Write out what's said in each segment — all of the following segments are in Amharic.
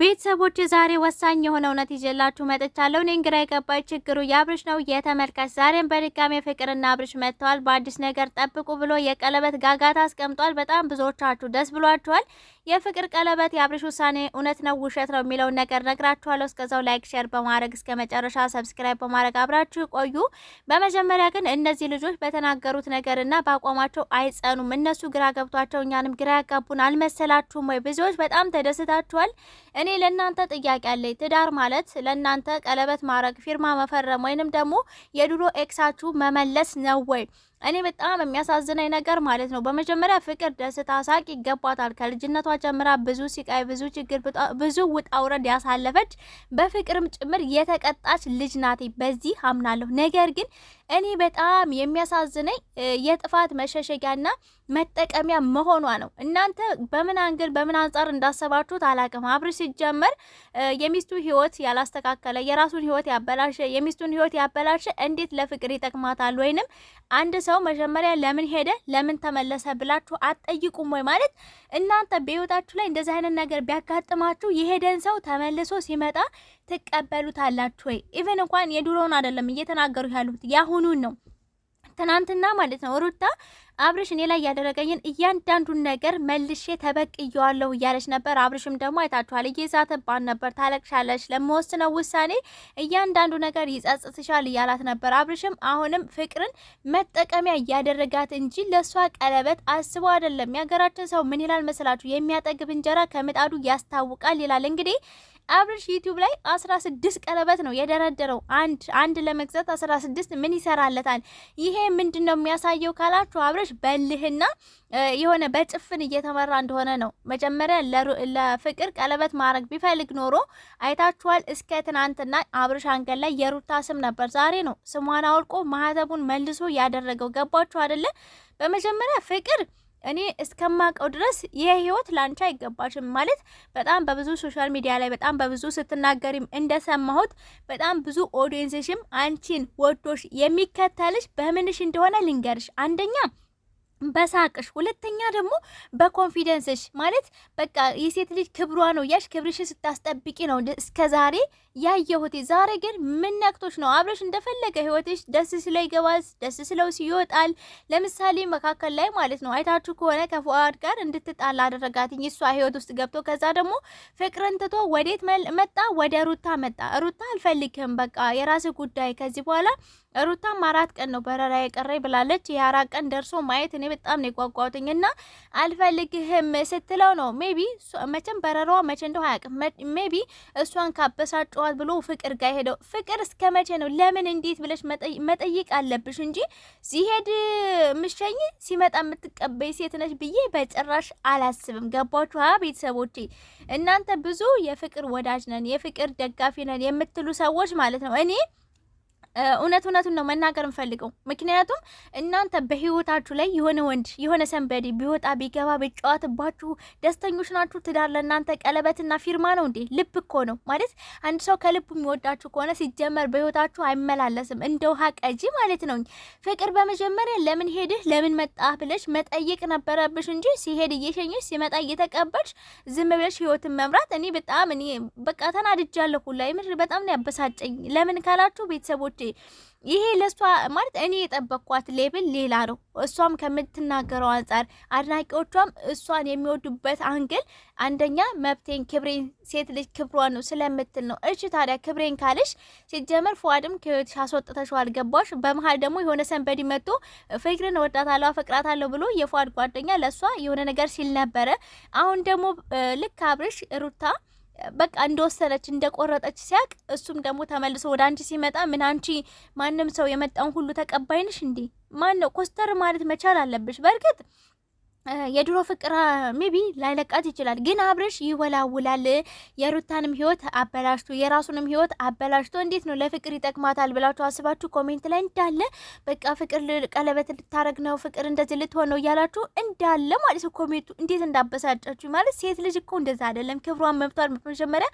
ቤተሰቦች ዛሬ ወሳኝ የሆነ እውነት ይዤላችሁ መጥቻለሁ። እኔን ግራ የገባኝ ችግሩ የአብርሽ ነው። የተመልካች ዛሬም በድጋሚ ፍቅርና አብርሽ መጥተዋል። በአዲስ ነገር ጠብቁ ብሎ የቀለበት ጋጋታ አስቀምጧል። በጣም ብዙዎቻችሁ ደስ ብሏችኋል። የፍቅር ቀለበት የአብርሽ ውሳኔ እውነት ነው ውሸት ነው የሚለውን ነገር ነግራችኋለሁ። እስከዛው ላይክ፣ ሼር በማድረግ እስከ መጨረሻ ሰብስክራይብ በማድረግ አብራችሁ ቆዩ። በመጀመሪያ ግን እነዚህ ልጆች በተናገሩት ነገርና በአቋማቸው አይጸኑም። እነሱ ግራ ገብቷቸው እኛንም ግራ ያጋቡን አልመሰላችሁም ወይ? ብዙዎች በጣም ተደስታችኋል። እኔ ለእናንተ ጥያቄ አለኝ። ትዳር ማለት ለእናንተ ቀለበት ማድረግ፣ ፊርማ መፈረም ወይንም ደግሞ የድሮ ኤክሳችሁ መመለስ ነው ወይ? እኔ በጣም የሚያሳዝነኝ ነገር ማለት ነው በመጀመሪያ ፍቅር ደስታ፣ ሳቅ ይገባታል። ከልጅነቷ ጀምራ ብዙ ሲቃይ ብዙ ችግር፣ ብዙ ውጣ ውረድ ያሳለፈች በፍቅርም ጭምር የተቀጣች ልጅ ናት። በዚህ አምናለሁ። ነገር ግን እኔ በጣም የሚያሳዝነኝ የጥፋት መሸሸጊያና መጠቀሚያ መሆኗ ነው። እናንተ በምን አንግል በምን አንጻር እንዳሰባችሁት አላቅም። አብር ሲጀመር የሚስቱ ህይወት ያላስተካከለ የራሱን ህይወት ያበላሸ የሚስቱን ህይወት ያበላሸ እንዴት ለፍቅር ይጠቅማታል? ወይንም አንድ ሰው ሰው መጀመሪያ ለምን ሄደ ለምን ተመለሰ ብላችሁ አትጠይቁም ወይ? ማለት እናንተ በህይወታችሁ ላይ እንደዚህ አይነት ነገር ቢያጋጥማችሁ የሄደን ሰው ተመልሶ ሲመጣ ትቀበሉታላችሁ ወይ? ኢቨን እንኳን የድሮውን አይደለም እየተናገሩ ያሉት ያሁኑን ነው። ትናንትና ማለት ነው ሩታ አብርሽ እኔ ላይ ያደረገኝን እያንዳንዱን ነገር መልሼ ተበቅየዋለሁ እያለች ነበር። አብርሽም ደግሞ አይታችኋል፣ እየዛተባን ነበር። ታለቅሻለች፣ ለመወስነው ውሳኔ እያንዳንዱ ነገር ይጸጽትሻል እያላት ነበር። አብርሽም አሁንም ፍቅርን መጠቀሚያ እያደረጋት እንጂ ለእሷ ቀለበት አስቦ አይደለም። የሀገራችን ሰው ምን ይላል መሰላችሁ? የሚያጠግብ እንጀራ ከምጣዱ ያስታውቃል ይላል እንግዲህ አብርሽ ዩቲዩብ ላይ 16 ቀለበት ነው የደረደረው። አንድ አንድ ለመግዛት 16 ምን ይሰራለታል? ይሄ ምንድን ነው የሚያሳየው ካላችሁ አብርሽ በልህና የሆነ በጭፍን እየተመራ እንደሆነ ነው። መጀመሪያ ለፍቅር ቀለበት ማድረግ ቢፈልግ ኖሮ አይታችኋል። እስከ ትናንትና አብርሽ አንገት ላይ የሩታ ስም ነበር። ዛሬ ነው ስሟን አውልቆ ማህተቡን መልሶ ያደረገው። ገባችሁ አይደለ? በመጀመሪያ ፍቅር እኔ እስከማቀው ድረስ ይሄ ህይወት ላንቺ አይገባሽም ማለት በጣም በብዙ ሶሻል ሚዲያ ላይ በጣም በብዙ ስትናገሪም እንደሰማሁት በጣም ብዙ ኦዲየንስሽም አንቺን ወዶሽ የሚከተልሽ በምንሽ እንደሆነ ልንገርሽ። አንደኛ በሳቅሽ ሁለተኛ ደግሞ በኮንፊደንስሽ ማለት በቃ የሴት ልጅ ክብሯ ነው ያሽ ክብርሽን ስታስጠብቂ ነው እስከ ዛሬ ያየሁት። ዛሬ ግን ምን ነክቶች ነው? አብረሽ እንደፈለገ ህይወትሽ ደስ ስለው ይገባል፣ ደስ ሲለው ይወጣል። ለምሳሌ መካከል ላይ ማለት ነው አይታችሁ ከሆነ ከፉአድ ጋር እንድትጣል አደረጋትኝ። እሷ ህይወት ውስጥ ገብቶ ከዛ ደግሞ ፍቅርን ትቶ ወዴት መጣ? ወደ ሩታ መጣ። ሩታ አልፈልግህም፣ በቃ የራስ ጉዳይ ከዚህ በኋላ ሩታም አራት ቀን ነው በረራ የቀረኝ ብላለች። የአራት ቀን ደርሶ ማየት እኔ በጣም ነው የጓጓሁትኝ እና አልፈልግህም ስትለው ነው ሜቢ መቼም በረራዋ መቼ እንደው አያውቅም ሜቢ እሷን ካበሳጫ ተዋት ብሎ ፍቅር ጋር ሄደው ፍቅር እስከ መቼ ነው? ለምን እንዴት ብለሽ መጠየቅ አለብሽ እንጂ ሲሄድ ምሸኝ ሲመጣ የምትቀበይ ሴት ነች ብዬ በጭራሽ አላስብም። ገባችሁ ቤተሰቦቼ? እናንተ ብዙ የፍቅር ወዳጅ ነን የፍቅር ደጋፊ ነን የምትሉ ሰዎች ማለት ነው እኔ እውነት እውነቱን ነው መናገር እንፈልገው። ምክንያቱም እናንተ በህይወታችሁ ላይ የሆነ ወንድ የሆነ ሰንበዴ ቢወጣ ቢገባ ቢጫወትባችሁ ደስተኞች ናችሁ። ትዳር ለእናንተ ቀለበትና ፊርማ ነው እንዴ? ልብ እኮ ነው ማለት። አንድ ሰው ከልቡ የሚወዳችሁ ከሆነ ሲጀመር በህይወታችሁ አይመላለስም፣ እንደ ውሃ ቀጂ ማለት ነው። ፍቅር በመጀመሪያ ለምን ሄድህ ለምን መጣህ ብለሽ መጠየቅ ነበረብሽ እንጂ ሲሄድ እየሸኘሽ ሲመጣ እየተቀበልሽ ዝም ብለሽ ህይወትን መምራት እኔ በጣም እኔ በቃ ተናድጃለሁ። ምድር በጣም ነው ያበሳጨኝ። ለምን ካላችሁ ቤተሰቦች ይሄ ለእሷ ማለት እኔ የጠበቅኳት ሌብል ሌላ ነው። እሷም ከምትናገረው አንጻር አድናቂዎቿም እሷን የሚወዱበት አንግል አንደኛ መብቴን ክብሬን ሴት ልጅ ክብሯ ነው ስለምትል ነው። እሺ ታዲያ ክብሬን ካልሽ ሲጀመር ፉአድም ከህይወትሽ አስወጥተሽዋል፣ ገባሽ? በመሀል ደግሞ የሆነ ሰንበዲ መጥቶ ፍቅርን ወዳታለሁ አፈቅራታለሁ ብሎ የፉአድ ጓደኛ ለእሷ የሆነ ነገር ሲል ነበረ። አሁን ደግሞ ልክ አብርሽ ሩታ በቃ እንደወሰነች እንደቆረጠች ሲያቅ እሱም ደግሞ ተመልሶ ወደ አንቺ ሲመጣ ምን አንቺ ማንም ሰው የመጣውን ሁሉ ተቀባይንሽ እንዴ? ማን ነው ኮስተር ማለት መቻል አለብሽ። በእርግጥ የድሮ ፍቅር ሜቢ ላይለቃት ይችላል፣ ግን አብርሽ ይወላውላል። የሩታንም ህይወት አበላሽቶ የራሱንም ህይወት አበላሽቶ እንዴት ነው ለፍቅር ይጠቅማታል ብላችሁ አስባችሁ ኮሜንት ላይ እንዳለ በቃ ፍቅር ቀለበት ልታረግ ነው ፍቅር እንደዚህ ልትሆን ነው እያላችሁ እንዳለ ማለት ነው። ኮሜንቱ እንዴት እንዳበሳጫችሁ ማለት ሴት ልጅ እኮ እንደዛ አይደለም። ክብሯን መብቷን በመጀመሪያ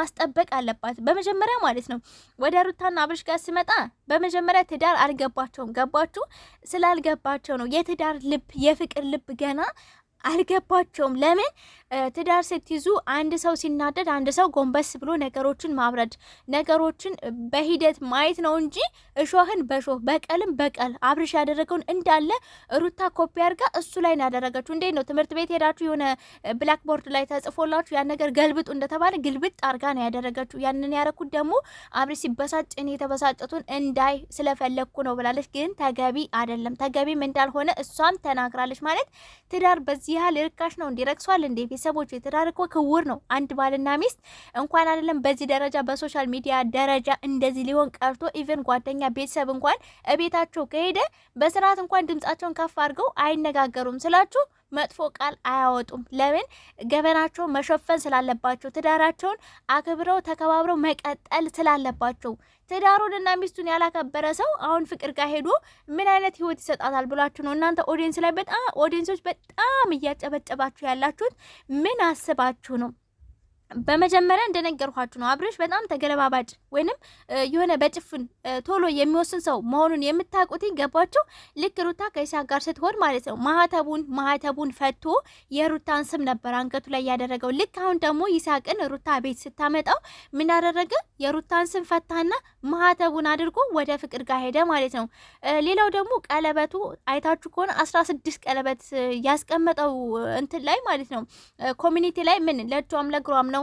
ማስጠበቅ አለባት። በመጀመሪያ ማለት ነው ወደ ሩታና አብርሽ ጋር ስመጣ በመጀመሪያ ትዳር አልገባቸውም። ገባችሁ? ስላልገባቸው ነው የትዳር ልብ የፍቅር ልብ ገ ገና አልገባቸውም። ለምን ትዳር ስትይዙ አንድ ሰው ሲናደድ አንድ ሰው ጎንበስ ብሎ ነገሮችን ማብረድ ነገሮችን በሂደት ማየት ነው እንጂ እሾህን በሾህ በቀልም በቀል አብርሽ ያደረገውን እንዳለ ሩታ ኮፒ አድርጋ እሱ ላይ ነው ያደረገችው። እንዴት ነው ትምህርት ቤት ሄዳችሁ የሆነ ብላክቦርድ ላይ ተጽፎላችሁ ያን ነገር ገልብጡ እንደተባለ ግልብጥ አርጋ ነው ያደረገችው። ያንን ያረኩት ደግሞ አብርሽ ሲበሳጭ እኔ የተበሳጨቱን እንዳይ ስለፈለግኩ ነው ብላለች። ግን ተገቢ አይደለም። ተገቢም እንዳልሆነ እሷም ተናግራለች። ማለት ትዳር በዚህ ያህል ርካሽ ነው እንዲረግሷል እንዴ? ቤተሰቦች የትዳር እኮ ክቡር ነው። አንድ ባልና ሚስት እንኳን አይደለም በዚህ ደረጃ በሶሻል ሚዲያ ደረጃ እንደዚህ ሊሆን ቀርቶ ኢቨን ጓደኛ፣ ቤተሰብ እንኳን እቤታቸው ከሄደ በስርዓት እንኳን ድምጻቸውን ከፍ አድርገው አይነጋገሩም ስላችሁ መጥፎ ቃል አያወጡም። ለምን ገበናቸው መሸፈን ስላለባቸው፣ ትዳራቸውን አክብረው ተከባብረው መቀጠል ስላለባቸው። ትዳሩን እና ሚስቱን ያላከበረ ሰው አሁን ፍቅር ጋር ሄዶ ምን አይነት ህይወት ይሰጣታል ብላችሁ ነው እናንተ ኦዲየንስ ላይ በጣም ኦዲየንሶች በጣም እያጨበጨባችሁ ያላችሁት ምን አስባችሁ ነው? በመጀመሪያ እንደነገርኳችሁ ነው። አብርሽ በጣም ተገለባባጭ ወይንም የሆነ በጭፍን ቶሎ የሚወስን ሰው መሆኑን የምታውቁት ገባችሁ። ልክ ሩታ ከይሳቅ ጋር ስትሆን ማለት ነው ማህተቡን ማህተቡን ፈቶ የሩታን ስም ነበር አንገቱ ላይ ያደረገው። ልክ አሁን ደግሞ ይሳቅን ሩታ ቤት ስታመጣው ምናደረገ የሩታን ስም ፈታና ማህተቡን አድርጎ ወደ ፍቅር ጋር ሄደ ማለት ነው። ሌላው ደግሞ ቀለበቱ አይታችሁ ከሆነ አስራ ስድስት ቀለበት ያስቀመጠው እንትን ላይ ማለት ነው ኮሚኒቲ ላይ ምን ለእጇም ለግሯም ነው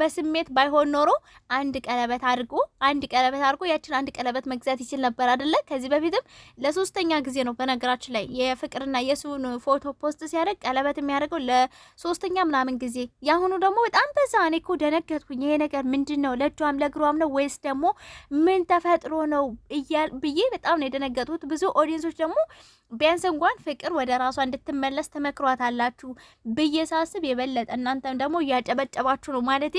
በስሜት ባይሆን ኖሮ አንድ ቀለበት አድርጎ አንድ ቀለበት አድርጎ ያችን አንድ ቀለበት መግዛት ይችል ነበር አይደለ? ከዚህ በፊትም ለሶስተኛ ጊዜ ነው በነገራችን ላይ የፍቅርና የሱን ፎቶ ፖስት ሲያደርግ ቀለበት የሚያደርገው ለሶስተኛ ምናምን ጊዜ። የአሁኑ ደግሞ በጣም በዛ። እኔ እኮ ደነገጥኩኝ። ይሄ ነገር ምንድን ነው? ለእጇም ለእግሯም ነው ወይስ ደግሞ ምን ተፈጥሮ ነው እያል ብዬ በጣም ነው የደነገጡት። ብዙ ኦዲየንሶች ደግሞ ቢያንስ እንኳን ፍቅር ወደ ራሷ እንድትመለስ አላችሁ ብዬ ሳስብ የበለጠ እናንተም ደግሞ እያጨበጨባችሁ ነው ማለት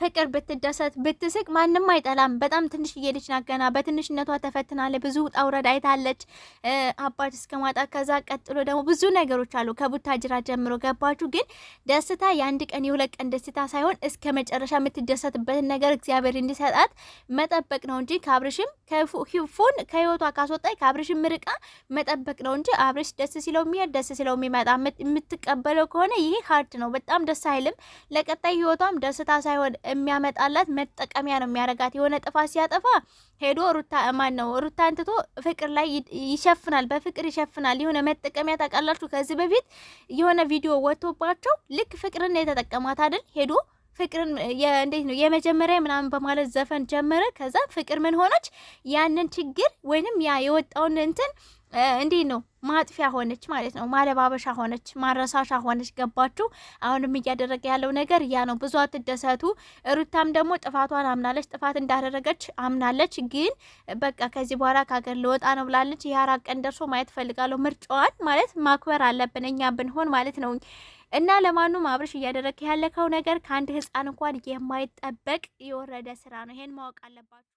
ፍቅር ብትደሰት ብትስቅ ማንም አይጠላም። በጣም ትንሽዬ ልጅ ናት ገና በትንሽነቷ ተፈትናለ ብዙ ውጣ ውረድ አይታለች፣ አባት እስከ ማጣ ከዛ ቀጥሎ ደግሞ ብዙ ነገሮች አሉ ከቡታጅራ ጀምሮ። ገባችሁ? ግን ደስታ የአንድ ቀን የሁለት ቀን ደስታ ሳይሆን እስከ መጨረሻ የምትደሰትበትን ነገር እግዚአብሔር እንዲሰጣት መጠበቅ ነው እንጂ ከአብርሽም ከፉን ከህይወቷ ካስወጣች ከአብርሽም ርቃ መጠበቅ ነው እንጂ አብርሽ ደስ ሲለው የሚሄድ ደስ ሲለው የሚመጣ የምትቀበለው ከሆነ ይሄ ሀርድ ነው። በጣም ደስ አይልም። ለቀጣይ ህይወቷም ደስታ ሳይሆን የሚያመጣላት መጠቀሚያ ነው የሚያደርጋት። የሆነ ጥፋት ሲያጠፋ ሄዶ ሩታ ማን ነው ሩታ ትቶ ፍቅር ላይ ይሸፍናል፣ በፍቅር ይሸፍናል። የሆነ መጠቀሚያ ታውቃላችሁ። ከዚህ በፊት የሆነ ቪዲዮ ወጥቶባቸው ልክ ፍቅርን የተጠቀማት አይደል ሄዶ ፍቅርን እንዴት ነው የመጀመሪያ ምናምን በማለት ዘፈን ጀመረ። ከዛ ፍቅር ምን ሆነች? ያንን ችግር ወይንም ያ የወጣውን እንትን እንዴት ነው ማጥፊያ ሆነች ማለት ነው። ማለባበሻ ሆነች፣ ማረሳሻ ሆነች። ገባችሁ? አሁንም እያደረገ ያለው ነገር ያ ነው። ብዙ አትደሰቱ። ሩታም ደግሞ ጥፋቷን አምናለች፣ ጥፋት እንዳደረገች አምናለች። ግን በቃ ከዚህ በኋላ ከሀገር ልወጣ ነው ብላለች። ይህ አራት ቀን ደርሶ ማየት ፈልጋለሁ። ምርጫዋን ማለት ማክበር አለብን እኛ ብንሆን ማለት ነው። እና ለማኑም አብርሽ እያደረገ ያለከው ነገር ከአንድ ህፃን እንኳን የማይጠበቅ የወረደ ስራ ነው። ይሄን ማወቅ አለባችሁ።